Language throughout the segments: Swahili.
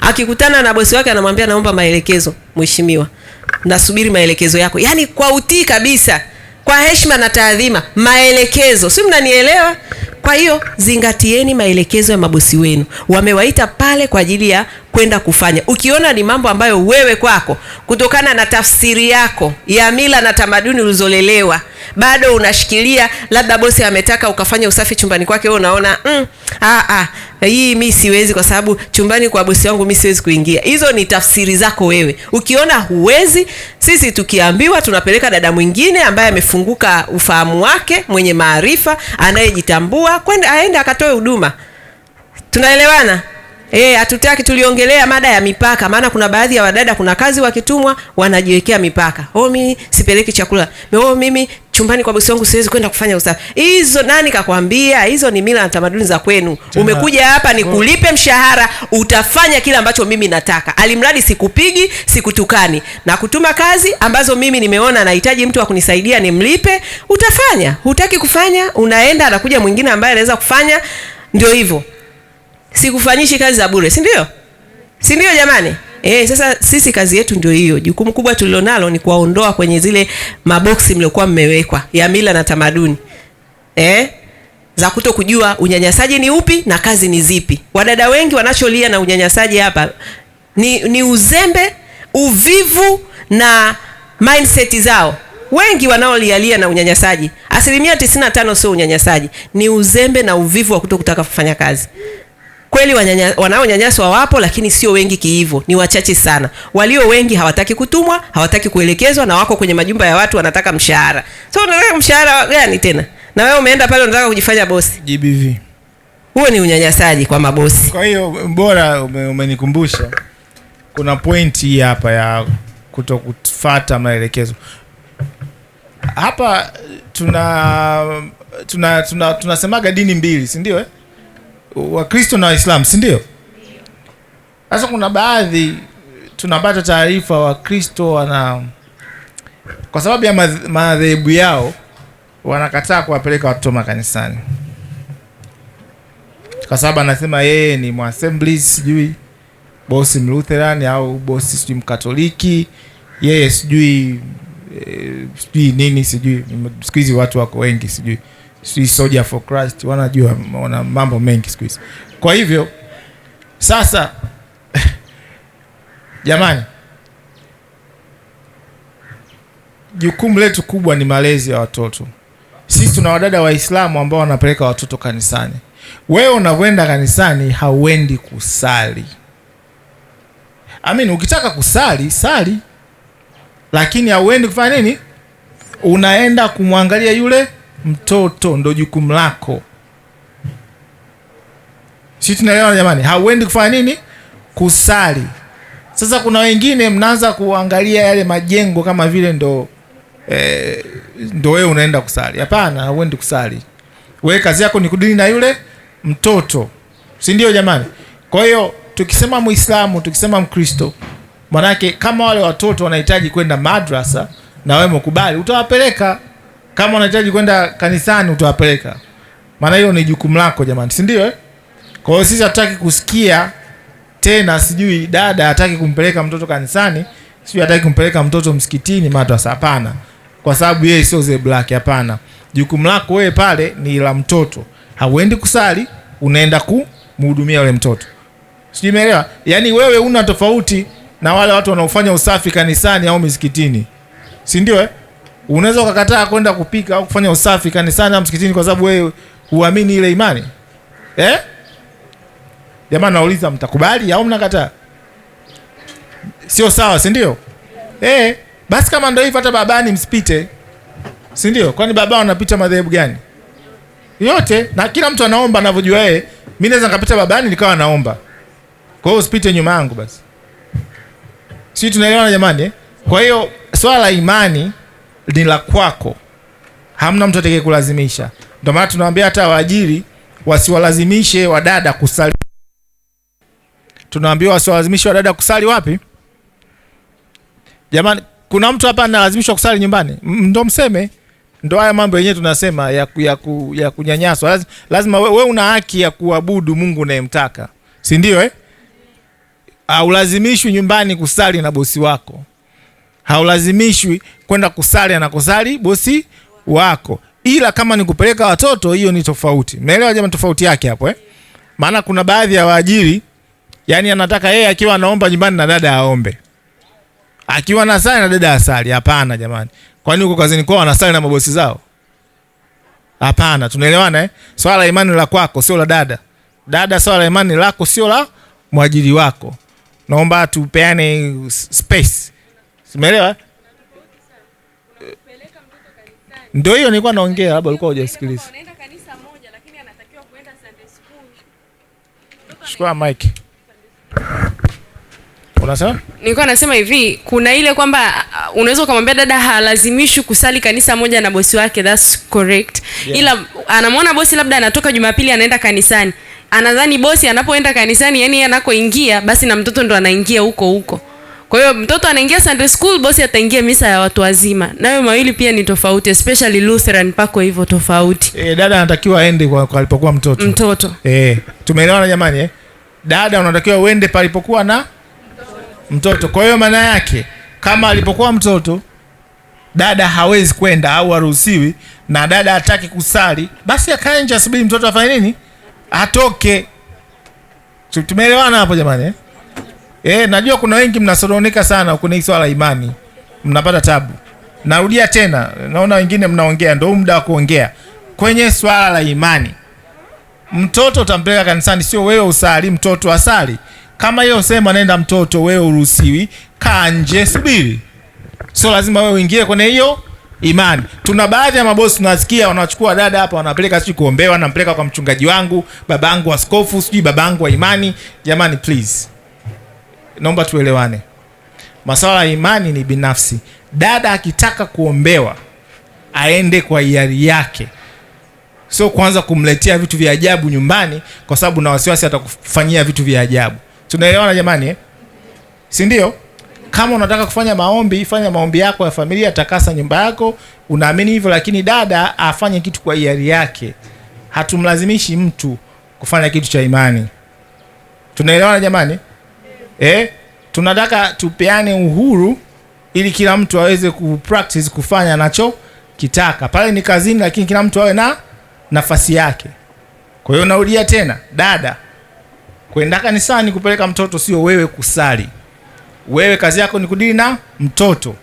Akikutana na bosi wake anamwambia, naomba maelekezo mheshimiwa, nasubiri maelekezo yako. Yaani kwa utii kabisa, kwa heshima na taadhima, maelekezo. Si mnanielewa? Kwa hiyo zingatieni maelekezo ya mabosi wenu, wamewaita pale kwa ajili ya kwenda kufanya. Ukiona ni mambo ambayo wewe kwako, kutokana na tafsiri yako ya mila na tamaduni ulizolelewa, bado unashikilia, labda bosi ametaka ukafanya usafi chumbani kwake, wewe unaona mm, a a hii mi siwezi, kwa sababu chumbani kwa bosi wangu mi siwezi kuingia. Hizo ni tafsiri zako wewe. Ukiona huwezi, sisi tukiambiwa tunapeleka dada mwingine ambaye amefunguka ufahamu wake, mwenye maarifa, anayejitambua akwenda aende akatoe huduma. Tunaelewana? Eh, hatutaki tuliongelea mada ya mipaka, maana kuna baadhi ya wadada, kuna kazi wakitumwa wanajiwekea mipaka. Oh, mimi sipeleki chakula. Oh, mimi chumbani kwa bosi wangu siwezi kwenda kufanya usafi. Hizo nani kakwambia? Hizo ni mila na tamaduni za kwenu. Umekuja hapa ni oh. kulipe mshahara, utafanya kile ambacho mimi nataka, alimradi sikupigi, sikutukani na kutuma kazi ambazo mimi nimeona nahitaji mtu wa kunisaidia nimlipe, utafanya. Hutaki kufanya, unaenda, anakuja mwingine ambaye anaweza kufanya. Ndio hivyo, sikufanyishi kazi za bure, si ndio? Si ndio jamani? Eh, sasa sisi kazi yetu ndio hiyo. Jukumu kubwa tulilonalo ni kuwaondoa kwenye zile maboksi mliokuwa mmewekwa ya mila na tamaduni eh, za kuto kujua unyanyasaji ni upi na kazi ni zipi. Wadada wengi wanacholia na unyanyasaji hapa ni, ni uzembe, uvivu na mindset zao wengi wanaolialia na unyanyasaji asilimia 95 sio unyanyasaji, ni uzembe na uvivu wa kuto kutaka kufanya kazi. Kweli wanaonyanyaswa wapo, lakini sio wengi kihivo ni wachache sana. Walio wengi hawataki kutumwa, hawataki kuelekezwa, na wako kwenye majumba ya watu, wanataka mshahara. So unataka mshahara gani tena? Na wewe umeenda pale unataka kujifanya bosi GBV. Huo ni unyanyasaji kwa mabosi. Kwa hiyo bora umenikumbusha, ume kuna point hii hapa ya kutokufata maelekezo hapa. Tuna tunasemaga tuna, tuna dini mbili, si ndio eh? Wakristo na waislam si ndio? Sasa kuna baadhi tunapata taarifa Wakristo wana kwa sababu ya madhehebu yao wanakataa kuwapeleka watoto makanisani, kwa sababu anasema yeye ni mwasembli sijui bosi mlutherani au bosi sijui mkatoliki, yeye sijui e, sijui nini sijui. sikuhizi watu wako wengi sijui si soldier for Christ, wanajua wana mambo mengi siku hizi. Kwa hivyo sasa, jamani, jukumu letu kubwa ni malezi ya watoto. Sisi tuna wadada Waislamu ambao wanapeleka watoto kanisani. Wewe unavyoenda kanisani hauendi kusali. Amin, ukitaka kusali sali, lakini hauendi kufanya nini? Unaenda kumwangalia yule mtoto ndo jukumu lako, si tunaelewa jamani? Hauendi kufanya nini? Kusali. Sasa kuna wengine mnaanza kuangalia yale majengo kama vile ndo eh, ndo wewe unaenda kusali. Hapana, hauendi kusali. Wewe kazi yako ni kudili na yule mtoto, si ndio jamani? Kwa hiyo tukisema Muislamu, tukisema Mkristo, manake kama wale watoto wanahitaji kwenda madrasa na wewe mkubali, utawapeleka kama unahitaji kwenda kanisani utawapeleka, maana hiyo ni jukumu lako jamani, si ndio eh? Kwa hiyo sisi hataki kusikia tena, sijui dada hataki kumpeleka mtoto kanisani, sijui hataki kumpeleka mtoto msikitini madrasa. Hapana, kwa sababu yeye sio ze black. Hapana, jukumu lako wewe pale ni la mtoto. Hauendi kusali, unaenda kumhudumia yule mtoto, sijui umeelewa? Yani wewe una tofauti na wale watu wanaofanya usafi kanisani au misikitini, si ndio eh? Unaweza ukakataa kwenda kupika au kufanya usafi kanisani au msikitini kwa sababu wewe huamini ile imani eh? Jamani, nauliza mtakubali au mnakataa? Sio sawa, si ndio? Eh, basi kama ndio hivyo, hata babani msipite, si ndio? Kwani baba anapita madhehebu gani yote, na kila mtu anaomba anavyojua yeye. Mimi naweza nikapita babani nikawa naomba, kwa hiyo usipite nyuma yangu. Basi sisi tunaelewana jamani eh? Kwa hiyo swala la imani ni la kwako, hamna mtu atakaye kulazimisha. Ndio maana tunawaambia hata waajiri wasiwalazimishe wadada kusali. Tunawaambia wasiwalazimishe wadada kusali wapi? Jamani, kuna mtu hapa analazimishwa kusali nyumbani? Ndo mseme ndo haya mambo yenyewe tunasema ya, ku, ya, ku, ya kunyanyaswa. Lazima, lazima we, we una haki ya kuabudu Mungu unayemtaka, si ndio eh? Aulazimishwi nyumbani kusali na bosi wako haulazimishwi kwenda kusali anakosali bosi wako, ila kama ni kupeleka watoto, hiyo ni tofauti. Umeelewa jamani, tofauti yake hapo eh? Maana kuna baadhi ya waajiri yani anataka yeye akiwa anaomba nyumbani na dada aombe, akiwa anasali na dada asali. Hapana jamani, kwani huko kazini kwao wanasali na mabosi zao? Hapana, tunaelewana eh? Swala la imani la kwako sio la dada dada, swala la imani lako sio la mwajiri wako. Naomba tupeane space Simeelewa? Eh? Ndio hiyo nilikuwa naongea, labda ulikuwa hujasikiliza. Chukua mike Unasema? Nilikuwa nasema hivi, kuna ile kwamba uh, unaweza ukamwambia dada halazimishwi kusali kanisa moja na bosi wake, that's correct. Yeah. Ila anamwona bosi labda anatoka Jumapili anaenda kanisani. Anadhani bosi anapoenda kanisani, yani anakoingia, basi na mtoto ndo anaingia huko huko. Kwa hiyo mtoto anaingia Sunday school, bosi ataingia misa ya watu wazima. Nayo mawili pia ni tofauti, especially Lutheran pako hivyo tofauti. Eh, dada anatakiwa aende kwa, alipokuwa mtoto. Mtoto. Eh, tumeelewana jamani eh? Dada unatakiwa uende palipokuwa na mtoto. Kwa hiyo maana yake kama alipokuwa mtoto dada hawezi kwenda au haruhusiwi, na dada hataki kusali, basi akae nje mtoto afanye nini, atoke. Tumeelewana hapo jamani eh? Eh, najua kuna wengi mnasoronika sana kuna hii swala imani. Mnapata tabu. Narudia tena, naona wengine mnaongea ndio muda wa kuongea. Kwenye swala la imani. Mtoto utampeleka kanisani, sio wewe usali mtoto asali. Kama yeye usema nenda mtoto, wewe uruhusiwi, kaa nje subiri. Sio lazima wewe uingie kwenye hiyo imani. Tuna baadhi ya mabosi tunasikia wanachukua dada hapa wanapeleka sijui kuombewa, nampeleka kwa mchungaji wangu, babangu askofu, sijui babangu wa imani. Jamani please naomba tuelewane, masuala ya imani ni binafsi. Dada akitaka kuombewa aende kwa hiari yake, sio kwanza kumletea vitu vya ajabu nyumbani, kwa sababu na wasiwasi atakufanyia vitu vya ajabu. Tunaelewana jamani eh? si ndio? Kama unataka kufanya maombi, fanya maombi yako ya familia, takasa nyumba yako, unaamini hivyo, lakini dada afanye kitu kwa hiari yake. Hatumlazimishi mtu kufanya kitu cha imani. Tunaelewana jamani? eh, tunataka tupeane uhuru ili kila mtu aweze kupractice kufanya nacho kitaka pale ni kazini, lakini kila mtu awe na nafasi yake. Kwa hiyo naulia tena, dada, kwenda kanisani kupeleka mtoto sio wewe kusali. Wewe kazi yako ni kudili na mtoto.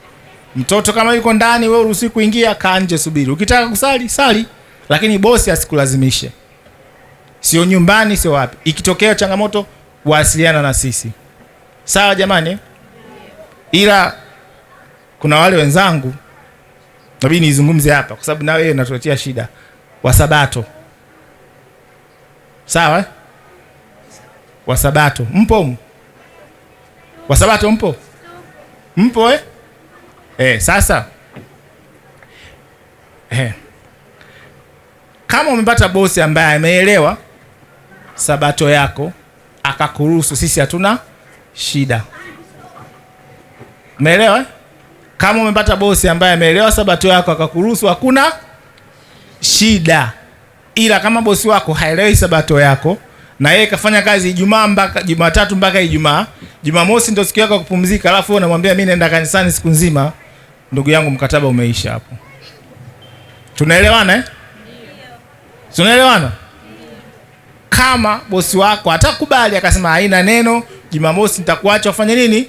Mtoto kama yuko ndani, wewe uruhusi kuingia, kaa nje, subiri. Ukitaka kusali sali, lakini bosi asikulazimishe, sio nyumbani, sio wapi. Ikitokea changamoto, wasiliana na sisi sawa jamani, ila kuna wale wenzangu nabidi nizungumze hapa, kwa sababu na wewe unatuletea shida. Wasabato sawa, eh? Wasabato mpo? Wasabato mpo? Mpo eh? Eh, sasa eh, kama umepata bosi ambaye ameelewa sabato yako akakuruhusu, sisi hatuna shida. Umeelewa? Eh? Kama umepata bosi ambaye ameelewa sabato yako akakuruhusu, hakuna shida, ila kama bosi wako haelewi sabato yako na yeye kafanya kazi Ijumaa mpaka Jumatatu mpaka Ijumaa, Jumamosi ndio siku yako kupumzika, alafu wewe unamwambia mimi naenda kanisani siku nzima, ndugu yangu, mkataba umeisha hapo. Tunaelewana eh? Tunaelewana? Kama bosi wako atakubali akasema haina neno Jumamosi nitakuacha ufanye nini?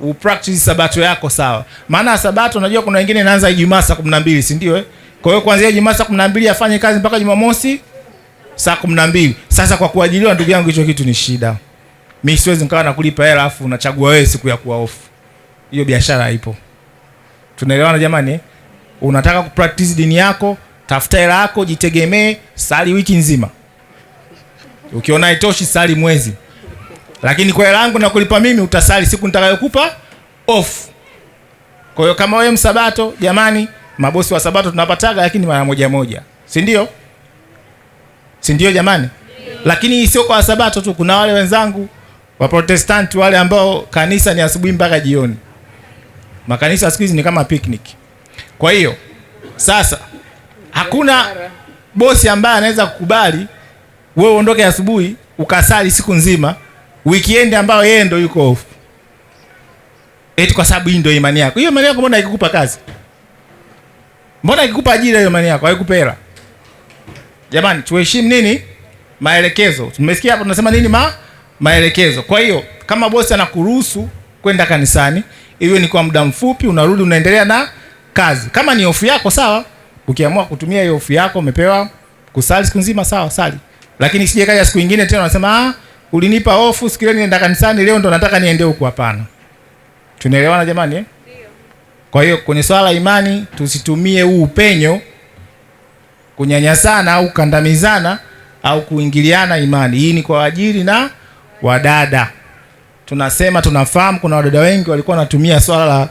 U practice sabato yako sawa. Maana sabato unajua kuna wengine inaanza Ijumaa saa 12, si ndio eh? Kwa hiyo kuanzia Ijumaa saa 12 afanye kazi mpaka Jumamosi saa 12. Sasa kwa kuajiliwa, ndugu yangu, hicho kitu ni shida. Mimi siwezi nikawa nakulipa hela afu unachagua wewe siku ya kuwa off. Hiyo biashara haipo. Tunaelewana jamani eh? Unataka ku practice dini yako, tafuta hela yako, jitegemee, sali wiki nzima. Ukiona haitoshi, sali mwezi lakini kwa hela yangu nakulipa mimi, utasali siku nitakayokupa off. Kwa hiyo kama wewe msabato, jamani, mabosi wa sabato tunapataga, lakini mara moja moja, si ndio? Si ndio jamani? Lakini sio kwa sabato tu, kuna wale wenzangu wa Protestant wale ambao kanisa ni asubuhi mpaka jioni. Makanisa siku hizi ni kama picnic. Kwa hiyo sasa hakuna bosi ambaye anaweza kukubali wewe uondoke asubuhi ukasali siku nzima weekend ambayo yeye ndo yuko off, eti kwa sababu hii ndo imani yako. Hiyo imani yako mbona ikikupa kazi? Mbona ikikupa ajira? Hiyo imani yako haikupa hela. Jamani, tuheshimu nini maelekezo. Tumesikia hapo tunasema nini ma maelekezo. Kwa hiyo kama bosi anakuruhusu kwenda kanisani, iwe ni kwa muda mfupi, unarudi unaendelea na kazi. Kama ni hofu yako sawa, ukiamua kutumia hiyo hofu yako umepewa kusali siku nzima sawa, sali. Lakini sije kaja siku nyingine tena unasema ah ulinipa hofu siku ile nienda kanisani, leo ndo nataka niende huko. Hapana, tunaelewana jamani eh? Kwa hiyo kwenye swala imani tusitumie huu upenyo kunyanyasana au kukandamizana au kuingiliana imani. Hii ni kwa ajili na wadada. Tunasema tunafahamu kuna wadada wengi walikuwa wanatumia swala la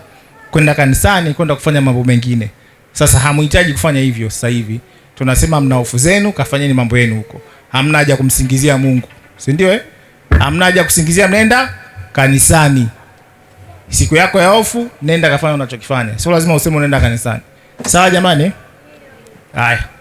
kwenda kanisani kwenda kufanya mambo mengine. Sasa hamuhitaji kufanya hivyo sasa hivi. Tunasema mna hofu zenu, kafanyeni mambo yenu huko. Hamna haja kumsingizia Mungu, si ndio eh? haja kusingizia, mnaenda kanisani. Siku yako ya hofu, nenda kafanya unachokifanya, sio lazima useme unaenda kanisani. Sawa jamani, haya.